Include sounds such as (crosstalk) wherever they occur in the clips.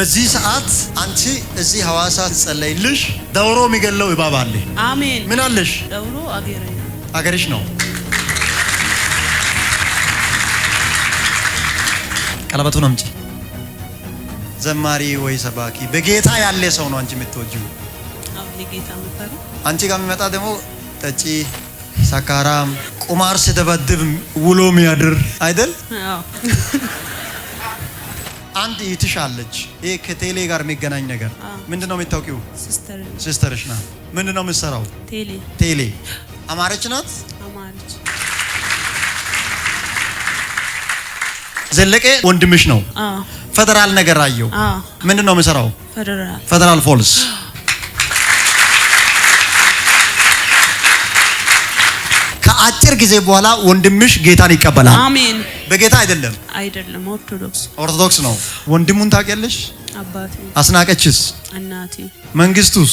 በዚህ ሰዓት አንቺ እዚህ ሐዋሳ ትጸለይልሽ ደውሮ የሚገለው እባብ አለ። አሜን። ምን አለሽ? ደውሮ አገርሽ ነው። ቀለበቱን አምጪ። ዘማሪ ወይ ሰባኪ በጌታ ያለ ሰው ነው አንቺ የምትወጂው። አንቺ ጋር የሚመጣ ደግሞ ጠጪ፣ ሰካራም፣ ቁማር ስደበድብ ውሎ የሚያድር አይደል? አንድ ይትሽ አለች። ይሄ ከቴሌ ጋር የሚገናኝ ነገር ምንድነው? የሚታወቂው? ሲስተርሽ ናት። ምንድነው የምትሰራው? ቴሌ አማረች ናት። ዘለቀ ወንድምሽ ነው። ፌደራል ነገር አየው። ምንድነው የምሰራው? ፌደራል ፎልስ ከአጭር ጊዜ በኋላ ወንድምሽ ጌታን ይቀበላል። አሜን። በጌታ አይደለም አይደለም፣ ኦርቶዶክስ ኦርቶዶክስ ነው። ወንድሙን ታውቂያለሽ? አባቴ። አስናቀችስ? እናቴ። መንግስቱስ?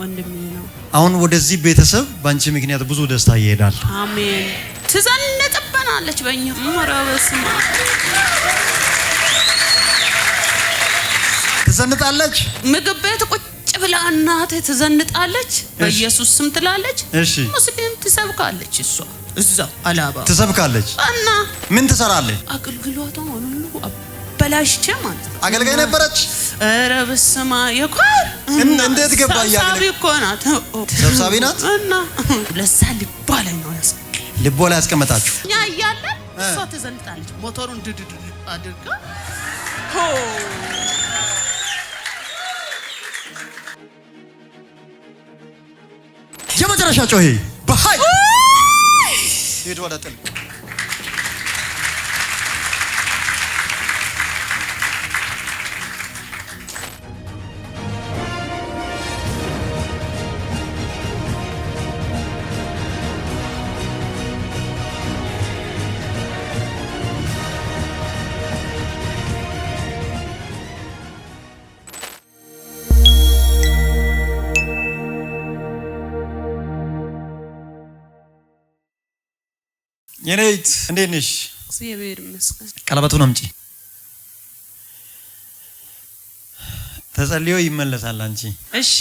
ወንድሜ ነው። አሁን ወደዚህ ቤተሰብ በአንቺ ምክንያት ብዙ ደስታ ይሄዳል። አሜን። ትዘንጥብናለች በእኛ መረበስማ ትዘንጣለች። ምግብ ቤት ቁጭ ብላ እናትህ ትዘንጣለች፣ በኢየሱስ ስም ትላለች። እሺ ሙስሊም ትሰብካለች፣ እሷ እዛው አላባ ትሰብካለች። እና ምን ትሰራለች? አገልግሎቷ ሁሉ አበላሽቼ ማለት ነው። አገልጋይ ነበረች። ኧረ በስመ አብ የኳር እንዴት ገባ ያለ እኮ ናት፣ ሰብሳቢ ናት። እና ለዛ ልቧ ላይ ነው ያስ ላይ ያስቀመጣችሁ እኛ እያለን እሷ ትዘንጣለች። ሞተሩን አድርጋ መጨረሻ ጮሄ በኃይል ሄድ ወደ ጥልቅ የኔት እንዴት ነሽ? እግዚአብሔር ይመስገን። ቀለበቱን አምጪ። ተጸልዮ ይመለሳል። አንቺ እሺ፣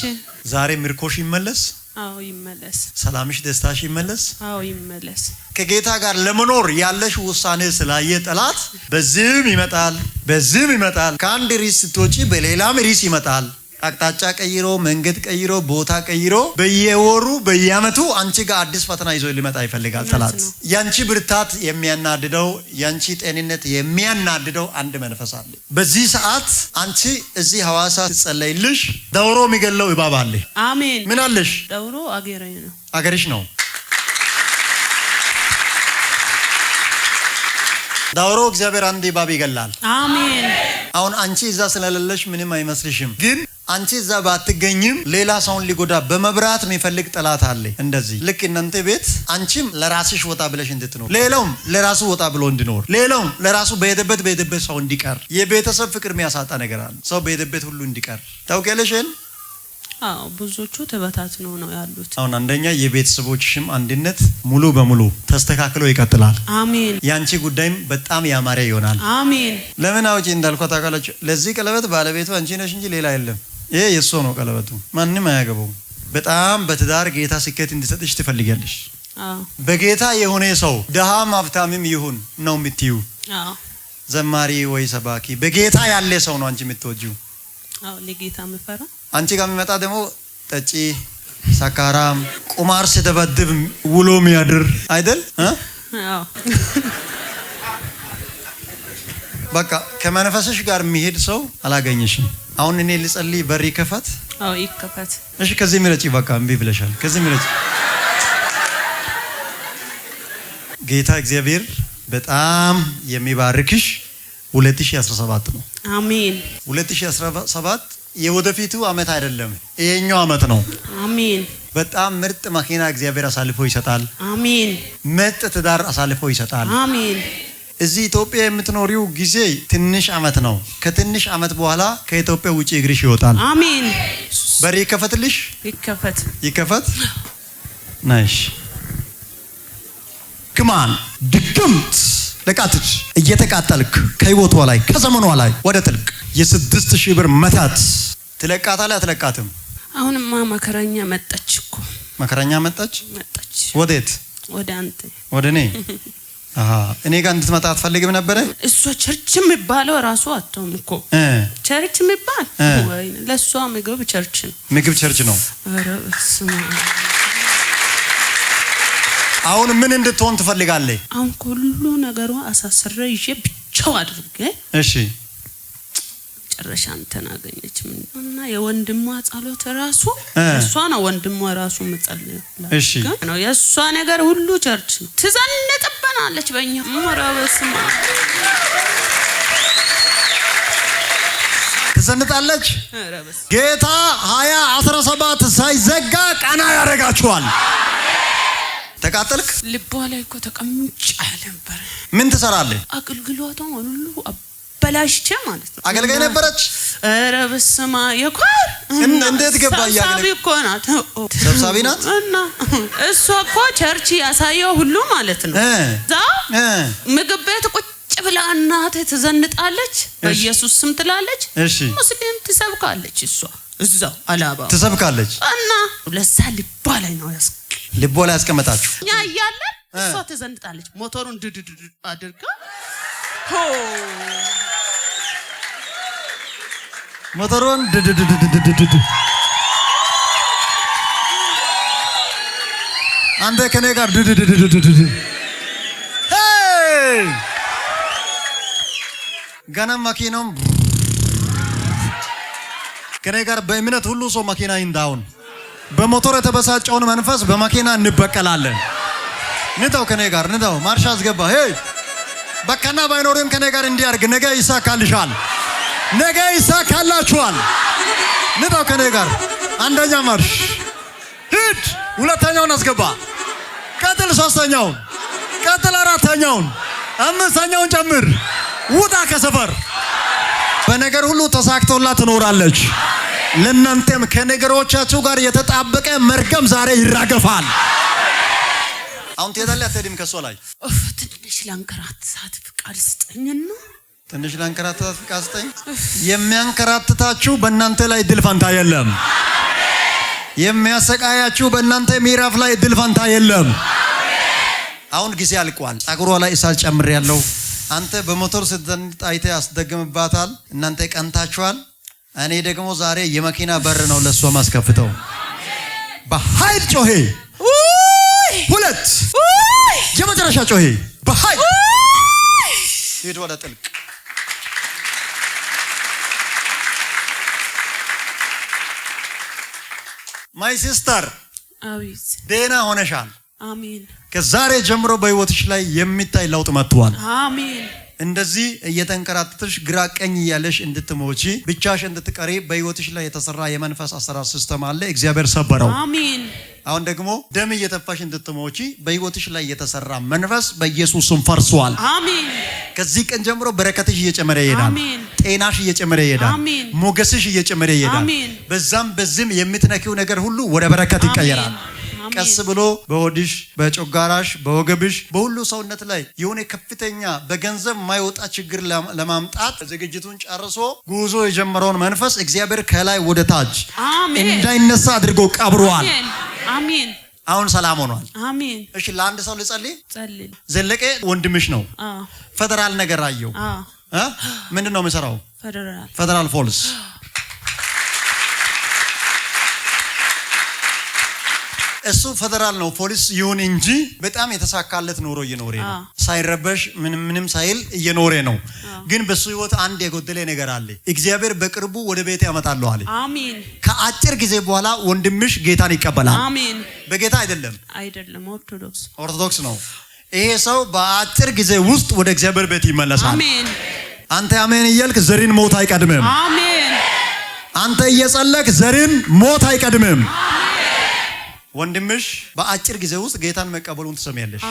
ዛሬ ምርኮሽ ይመለስ። አዎ ይመለስ። ሰላምሽ፣ ደስታሽ ይመለስ። አዎ ይመለስ። ከጌታ ጋር ለመኖር ያለሽ ውሳኔ ስላየ ጠላት በዚህም ይመጣል፣ በዚህም ይመጣል። ከአንድ ሪስ ስትወጪ በሌላም ሪስ ይመጣል። አቅጣጫ ቀይሮ መንገድ ቀይሮ ቦታ ቀይሮ በየወሩ በየአመቱ አንቺ ጋር አዲስ ፈተና ይዞ ሊመጣ ይፈልጋል ጠላት። ያንቺ ብርታት የሚያናድደው ያንቺ ጤንነት የሚያናድደው አንድ መንፈስ አለ። በዚህ ሰዓት አንቺ እዚህ ሐዋሳ ትጸለይልሽ ደውሮ የሚገለው እባብ አለ። አሜን። ምን አለሽ? ደውሮ አገሬ ነው፣ አገርሽ ነው። ዳውሮ እግዚአብሔር አንድ እባብ ይገላል። አሜን። አሁን አንቺ እዛ ስለሌለሽ ምንም አይመስልሽም ግን አንቺ እዛ ባትገኝም ሌላ ሰውን ሊጎዳ በመብራት የሚፈልግ ጠላት አለ። እንደዚህ ልክ እናንተ ቤት አንቺም ለራስሽ ወጣ ብለሽ እንድትኖር፣ ሌላውም ለራሱ ወጣ ብሎ እንዲኖር፣ ሌላውም ለራሱ በሄደበት በሄደበት ሰው እንዲቀር፣ የቤተሰብ ፍቅር የሚያሳጣ ነገር አለ። ሰው በሄደበት ሁሉ እንዲቀር ታውቂያለሽን? አዎ ብዙዎቹ ተበታትኖ ነው ያሉት። አሁን አንደኛ የቤተሰቦችሽም አንድነት ሙሉ በሙሉ ተስተካክሎ ይቀጥላል። አሜን። የአንቺ ጉዳይም በጣም ያማረ ይሆናል። አሜን። ለምን አውጪ እንዳልኳ ታውቃላችሁ። ለዚህ ቀለበት ባለቤቱ አንቺ ነሽ እንጂ ሌላ የለም። ይሄ የእሷ ነው። ቀለበቱ ማንም አያገባው። በጣም በትዳር ጌታ ስኬት እንዲሰጥሽ ትፈልጊያለሽ። በጌታ የሆነ ሰው ድሃም ሀብታምም ይሁን ነው የምትዩ። ዘማሪ ወይ ሰባኪ በጌታ ያለ ሰው ነው አንቺ የምትወጂው። አንቺ ጋር የሚመጣ ደግሞ ጠጪ፣ ሰካራም፣ ቁማር ስደበድብ ውሎ ሚያድር አይደል? በቃ ከመንፈስሽ ጋር የሚሄድ ሰው አላገኘሽም። አሁን እኔ ልጸልይ፣ በር ይከፈት። አዎ ይከፈት። እሺ፣ ከዚህ ምረጪ። በቃ እምቢ ብለሻል። ከዚህ ምረጪ። ጌታ እግዚአብሔር በጣም የሚባርክሽ 2017 ነው። አሜን። 2017 የወደፊቱ አመት አይደለም፣ ይሄኛው አመት ነው። አሜን። በጣም ምርጥ መኪና እግዚአብሔር አሳልፎ ይሰጣል። አሜን። ምርጥ ትዳር አሳልፎ ይሰጣል። አሜን። እዚህ ኢትዮጵያ የምትኖሪው ጊዜ ትንሽ አመት ነው። ከትንሽ አመት በኋላ ከኢትዮጵያ ውጭ እግርሽ ይወጣል። አሜን። በሬ ይከፈትልሽ። ይከፈት፣ ይከፈት። ናይሽ ክማን ድግምት ለቃትች እየተቃጠልክ ከህይወቷ ላይ ከዘመኗ ላይ ወደ ጥልቅ የስድስት ሺህ ብር መታት ላይ አትለቃትም። አሁንማ መከረኛ መጣች እኮ መከረኛ መጣች፣ መጣች። ወዴት? ወደ አንተ፣ ወደ እኔ (laughs) እኔ ጋር እንድትመጣ አትፈልግም ነበረ። እሷ ቸርች የሚባለው ራሱ አትሆን እኮ ቸርች የሚባል ለእሷ ምግብ ቸርች ነው፣ ምግብ ቸርች ነው። አሁን ምን እንድትሆን ትፈልጋለህ? አሁን ሁሉ ነገሯ አሳስረ ይዤ ብቻው አድርገ እሺ መጨረሻ እንትን አገኘች እና የወንድሟ ጸሎት ራሱ እሷ ነው። ወንድሟ ራሱ መጸለይ ነው። የእሷ ነገር ሁሉ ቸርች ነው። ትዘንጥብ ትቀናለች በእኛ መራበስማ ትዘንጣለች። ጌታ ሀያ አስራ ሰባት ሳይዘጋ ቀና ያደርጋችኋል። ተቃጠልክ ልቧ ላይ እኮ ተቀምጬ ነበር። ምን ትሰራለህ? አገልግሎቷን ሁሉ በላሽቼ ማለት ነው። አገልጋይ ነበረች። ኧረ በስመ አብ የኳር እንዴት ገባ? ሰብሳቢ እኮ ናት። ሰብሳቢ ናት። እና እሷ እኮ ቸርች ያሳየው ሁሉ ማለት ነው። እዛ ምግብ ቤት ቁጭ ብላ እናት ትዘንጣለች፣ በኢየሱስ ስም ትላለች፣ ሙስሊም ትሰብካለች። እሷ እዛው አላባ ትሰብካለች። እና ለዛ ልቧ ላይ ነው ያስ ልቦ ላይ ያስቀመጣችሁ እኛ እያለን እሷ ትዘንጣለች። ሞተሩን ድድድ አድርጋ ሞተሩን አንተ ከኔ ጋር ድድድድድድድ ገና መኪናውም ከኔ ጋር በእምነት ሁሉ ሰው መኪና ይንዳውን። በሞተር የተበሳጨውን መንፈስ በመኪና እንበቀላለን። ንተው ከኔ ጋር ንተው፣ ማርሻ አስገባ። ሄይ በቃና ባይኖርም ከኔ ጋር እንዲያርግ ነገ ይሳካልሻል። ነገ ይሳካላችኋል። ንጣው ከኔ ጋር አንደኛ ማርሽ ሂድ፣ ሁለተኛውን አስገባ፣ ቀጥል፣ ሶስተኛውን ቀጥል፣ አራተኛውን አምስተኛውን ጨምር፣ ውጣ ከሰፈር። በነገር ሁሉ ተሳክቶላት ትኖራለች። ለእናንተም ከነገሮቻችሁ ጋር የተጣበቀ መርገም ዛሬ ይራገፋል። አሁን ትሄዳለህ አትሄድም? ከእሷ ላይ ትንሽ ለንከራት ሳት ፍቃድ ስጠኝና ትንሽ ላንከራተታት ቃስጠኝ የሚያንከራትታችሁ በእናንተ ላይ እድል ፈንታ የለም። የሚያሰቃያችሁ በእናንተ ምዕራፍ ላይ እድል ፈንታ የለም። አሁን ጊዜ አልቋል። ጸጉሯ ላይ እሳት ጨምር ያለው አንተ በሞተር ስትዘንጥ አይተህ ያስደግምባታል። እናንተ ቀንታችኋል። እኔ ደግሞ ዛሬ የመኪና በር ነው ለእሷ ማስከፍተው። በኃይል ጮሄ ሁለት የመጨረሻ ጮሄ በኃይል ሂድ ወደ ጥልቅ ማይ ሲስተር ደህና ሆነሻል። አሜን። ከዛሬ ጀምሮ በህይወትሽ ላይ የሚታይ ለውጥ መጥቷል። አሜን። እንደዚህ እየተንከራተተሽ ግራ ቀኝ እያለሽ እንድትሞቺ ብቻሽ እንድትቀሪ በህይወትሽ ላይ የተሰራ የመንፈስ አሰራር ሲስተም አለ። እግዚአብሔር ሰበረው። አሜን። አሁን ደግሞ ደም እየተፋሽ እንድትሞቺ በህይወትሽ ላይ የተሰራ መንፈስ በኢየሱስም ፈርሷል። አሜን። ከዚህ ቀን ጀምሮ በረከትሽ እየጨመረ ይሄዳል። ጤናሽ እየጨመረ ይሄዳል። ሞገስሽ እየጨመረ ይሄዳል። በዛም በዚህም የምትነኪው ነገር ሁሉ ወደ በረከት ይቀየራል። ቀስ ብሎ በሆድሽ፣ በጮጋራሽ፣ በወገብሽ፣ በሁሉ ሰውነት ላይ የሆነ ከፍተኛ በገንዘብ የማይወጣ ችግር ለማምጣት ዝግጅቱን ጨርሶ ጉዞ የጀመረውን መንፈስ እግዚአብሔር ከላይ ወደ ታች እንዳይነሳ አድርጎ ቀብሯል። አሜን። አሁን ሰላም ሆኗል። አሜን። እሺ፣ ለአንድ ሰው ልጸልይ። ዘለቀ ወንድምሽ ነው። ፌደራል ነገር አየው። ምንድን ነው የምሰራው? ፌደራል ፎልስ እሱ ፌደራል ነው ፖሊስ ይሁን እንጂ በጣም የተሳካለት ኑሮ እየኖሬ ነው። ሳይረበሽ ምንም ምንም ሳይል እየኖረ ነው። ግን በሱ ህይወት አንድ የጎደለ ነገር አለ። እግዚአብሔር በቅርቡ ወደ ቤት ያመጣለሁ አለ። አሜን። ከአጭር ጊዜ በኋላ ወንድምሽ ጌታን ይቀበላል። አሜን። በጌታ አይደለም አይደለም፣ ኦርቶዶክስ ኦርቶዶክስ ነው። ይሄ ሰው በአጭር ጊዜ ውስጥ ወደ እግዚአብሔር ቤት ይመለሳል። አሜን። አንተ አሜን እያልክ ዘሪን ሞት አይቀድምም። አሜን። አንተ እየጸለክ ዘሪን ሞት አይቀድምም። ወንድምሽ በአጭር ጊዜ ውስጥ ጌታን መቀበሉን ትሰሚያለሽ።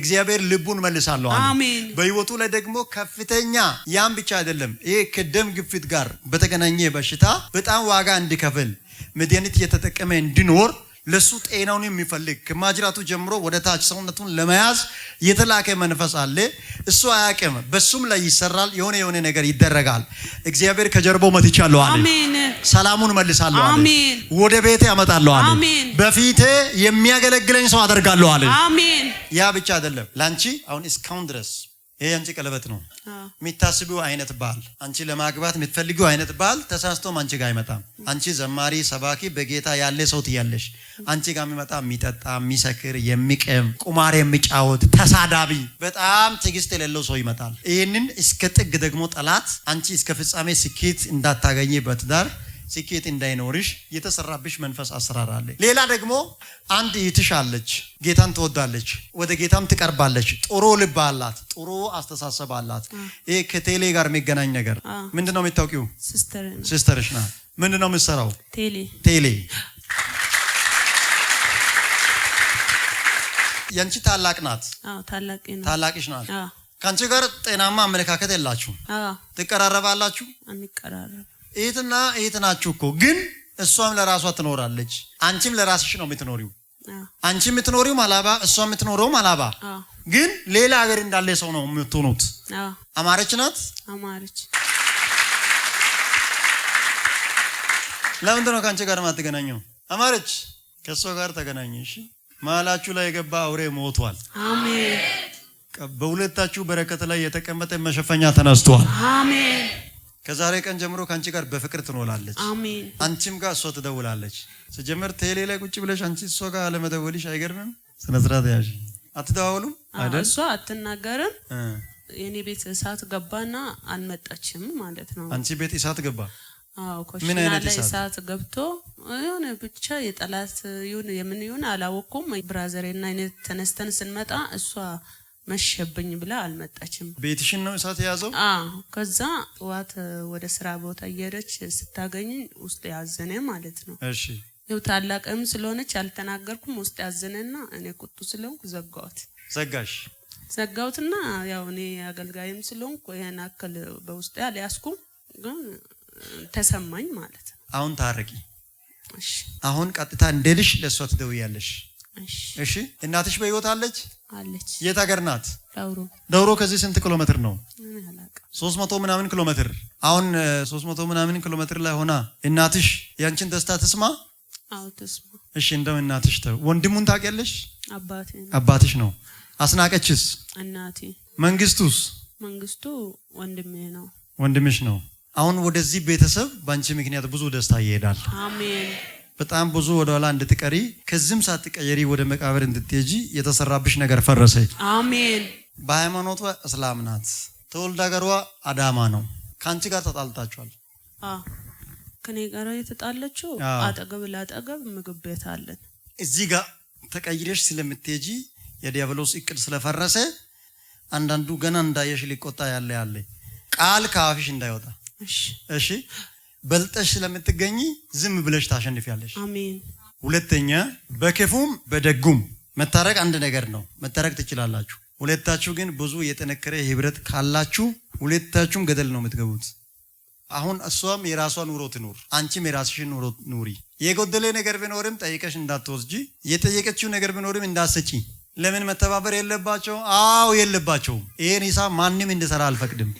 እግዚአብሔር ልቡን መልሳለሁ። አሜን። በህይወቱ ላይ ደግሞ ከፍተኛ ያም ብቻ አይደለም፣ ይህ ከደም ግፊት ጋር በተገናኘ በሽታ በጣም ዋጋ እንዲከፍል መድኃኒት እየተጠቀመ እንዲኖር ለሱ ጤናውን የሚፈልግ ከማጅራቱ ጀምሮ ወደ ታች ሰውነቱን ለመያዝ የተላከ መንፈስ አለ። እሱ አያቅም፣ በሱም ላይ ይሰራል። የሆነ የሆነ ነገር ይደረጋል። እግዚአብሔር ከጀርባው መትቻለሁ አለ። ሰላሙን መልሳለሁ አለ። ወደ ቤቴ አመጣለሁ አለ። በፊቴ የሚያገለግለኝ ሰው አደርጋለሁ አለ። ያ ብቻ አይደለም፣ ላንቺ አሁን እስካሁን ድረስ ይሄ አንቺ ቀለበት ነው የሚታስቢው አይነት ባል አንቺ ለማግባት የምትፈልጊው አይነት ባል ተሳስቶም አንቺ ጋር አይመጣም። አንቺ ዘማሪ፣ ሰባኪ በጌታ ያለ ሰው ትያለሽ። አንቺ ጋር የሚመጣ የሚጠጣ፣ የሚሰክር፣ የሚቅም፣ ቁማር የሚጫወት፣ ተሳዳቢ፣ በጣም ትዕግስት የሌለው ሰው ይመጣል። ይህንን እስከ ጥግ ደግሞ ጠላት አንቺ እስከ ፍጻሜ ስኬት እንዳታገኝ በትዳር ስኬት እንዳይኖርሽ የተሰራብሽ መንፈስ አሰራር አለ። ሌላ ደግሞ አንድ ይትሻለች፣ ጌታን ትወዳለች፣ ወደ ጌታም ትቀርባለች። ጥሩ ልብ አላት፣ ጥሩ አስተሳሰብ አላት። ይህ ከቴሌ ጋር የሚገናኝ ነገር ምንድን ነው? የምታውቂው ሲስተርሽ ና ምንድን ነው የምትሰራው? ቴሌ የንቺ ታላቅ ናት፣ ታላቅሽ ናት። ከአንቺ ጋር ጤናማ አመለካከት የላችሁ፣ ትቀራረባላችሁ እህትና እህት ናችሁ እኮ ግን እሷም ለራሷ ትኖራለች፣ አንቺም ለራስሽ ነው የምትኖሪው። አንቺ የምትኖሪው አላባ፣ እሷ የምትኖረው አላባ፣ ግን ሌላ ሀገር እንዳለ ሰው ነው የምትሆኑት። አማረች ናት። አማረች ለምንድን ነው ከአንቺ ጋር ማትገናኘው? አማረች ከእሷ ጋር ተገናኘ። እሺ መሀላችሁ ላይ የገባ አውሬ ሞቷል። አሜን። በሁለታችሁ በረከት ላይ የተቀመጠ መሸፈኛ ተነስቷል። አሜን። ከዛሬ ቀን ጀምሮ ከአንቺ ጋር በፍቅር ትኖላለች። አንቺም ጋር እሷ ትደውላለች። ስጀምር ቴሌ ላይ ቁጭ ብለሽ አንቺ እሷ ጋር አለመደወልሽ አይገርምም? ስነ ያዥ። አትደዋውሉም እሷ አትናገርም። የኔ ቤት እሳት ገባና አልመጣችም ማለት ነው። አንቺ ቤት እሳት ገባ። አዎ፣ እሳት ገብቶ የሆነ ብቻ የጠላት ይሁን የምን ይሁን አላወኩም። ብራዘሬና አይነት ተነስተን ስንመጣ እሷ መሸብኝ ብላ አልመጣችም። ቤትሽን ነው እሳት የያዘው? ከዛ ጠዋት ወደ ስራ ቦታ እየሄደች ስታገኝኝ ውስጥ ያዘነ ማለት ነው። እሺ ይኸው ታላቅም ስለሆነች አልተናገርኩም። ውስጥ ያዘነና እኔ ቁጡ ስለሆንኩ ዘጋሁት። ዘጋሽ? ዘጋሁትና ያው እኔ አገልጋይም ስለሆንኩ ይህን አክል በውስጥ አልያዝኩም፣ ግን ተሰማኝ ማለት ነው። አሁን ታረቂ። አሁን ቀጥታ እንደ ልሽ ለእሷ ትደውያለሽ እሺ እናትሽ በህይወት አለች አለች። የት ሀገር ናት? ደውሮ ከዚህ ስንት ኪሎ ሜትር ነው? ሶስት መቶ ምናምን ኪሎ ሜትር። አሁን ሶስት መቶ ምናምን ኪሎ ሜትር ላይ ሆና እናትሽ ያንቺን ደስታ ትስማ? ትስማ። እሺ እንደው እናትሽ ተው። ወንድሙን ታውቂያለሽ? አባትሽ ነው። አስናቀችስ? እናቴ። መንግስቱስ? መንግስቱ ወንድሜ ነው። ወንድምሽ ነው። አሁን ወደዚህ ቤተሰብ በአንቺ ምክንያት ብዙ ደስታ ይሄዳል። አሜን። በጣም ብዙ ወደኋላ እንድትቀሪ ከዚህም ሳትቀየሪ ወደ መቃብር እንድትሄጂ የተሰራብሽ ነገር ፈረሰ። አሜን። በሃይማኖቷ እስላም ናት። ተወልዳ ገሯ አዳማ ነው። ከአንቺ ጋር ተጣልታችኋል። ከኔ ጋር የተጣለችው አጠገብ ላጠገብ ምግብ ቤት አለን። እዚህ ጋር ተቀይረሽ ስለምትሄጂ የዲያብሎስ እቅድ ስለፈረሰ አንዳንዱ ገና እንዳየሽ ሊቆጣ ያለ ያለ ቃል ከአፍሽ እንዳይወጣ እሺ በልጠሽ ስለምትገኝ ዝም ብለሽ ታሸንፊያለሽ። ሁለተኛ በክፉም በደጉም መታረቅ አንድ ነገር ነው። መታረቅ ትችላላችሁ። ሁለታችሁ ግን ብዙ የጠነከረ ህብረት ካላችሁ ሁለታችሁም ገደል ነው የምትገቡት። አሁን እሷም የራሷ ኑሮ ትኑር፣ አንቺም የራስሽን ኑሮ ኑሪ። የጎደለ ነገር ቢኖርም ጠይቀሽ እንዳትወስጂ፣ የጠየቀችው ነገር ቢኖርም እንዳትሰጪ። ለምን መተባበር የለባቸው? አዎ የለባቸውም። ይህን ሂሳብ ማንም እንድሰራ አልፈቅድም።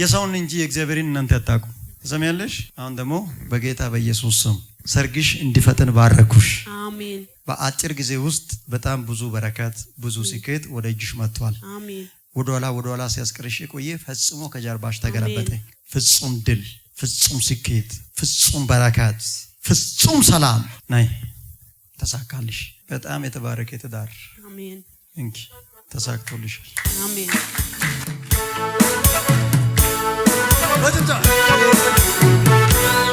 የሰውን እንጂ የእግዚአብሔርን እናንተ አታውቁም። ትሰሚያለሽ? አሁን ደግሞ በጌታ በኢየሱስ ስም ሰርግሽ እንዲፈጥን ባረኩሽ። አሜን። በአጭር ጊዜ ውስጥ በጣም ብዙ በረከት፣ ብዙ ስኬት ወደ እጅሽ መጥቷል። አሜን። ወደኋላ ወደኋላ ሲያስቀርሽ የቆየ ፈጽሞ ከጀርባሽ ተገለበጠ። ፍጹም ድል፣ ፍጹም ስኬት፣ ፍጹም በረከት፣ ፍጹም ሰላም ናይ ተሳካልሽ። በጣም የተባረከ ትዳር። አሜን። እንኪ ተሳክቶልሻል። አሜን። భజించాలి